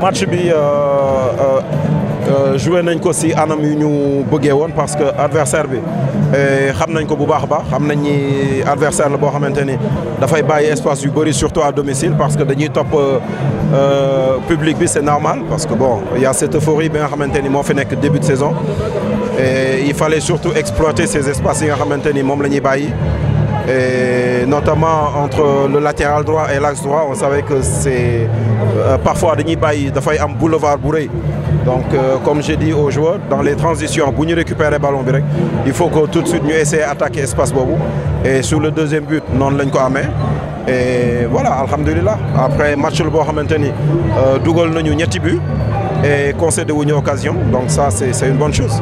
match bi euh, euh, euh, joué nañ ko si anam yu ñu bëggé won parce que adversaire bi eh, xam nañ ko bu baax baax xam nañ ni adversaire la bo xamanteni da fay bàyyi espace yu bari surtout à domicile parce que dañuy top public bi c'est normal parce que bon il y a cette euphorie bi nga xamante ni fi nek début de saison et il fallait surtout exploiter ces espaces yi nga xamanteni mom lañuy la et notamment entre le latéral droit et l'axe droit, on savait que c'est euh, parfois un boulevard bourré. Donc, euh, comme j'ai dit aux joueurs, dans les transitions, pour récupérer le ballon il faut que tout de suite nous essayions d'attaquer l'espace Et sur le deuxième but, non l'avons pas Et voilà, Alhamdulillah. Après match le Bohamanteni, euh, Dougal nous but et concédé une occasion. Donc, ça, c'est une bonne chose.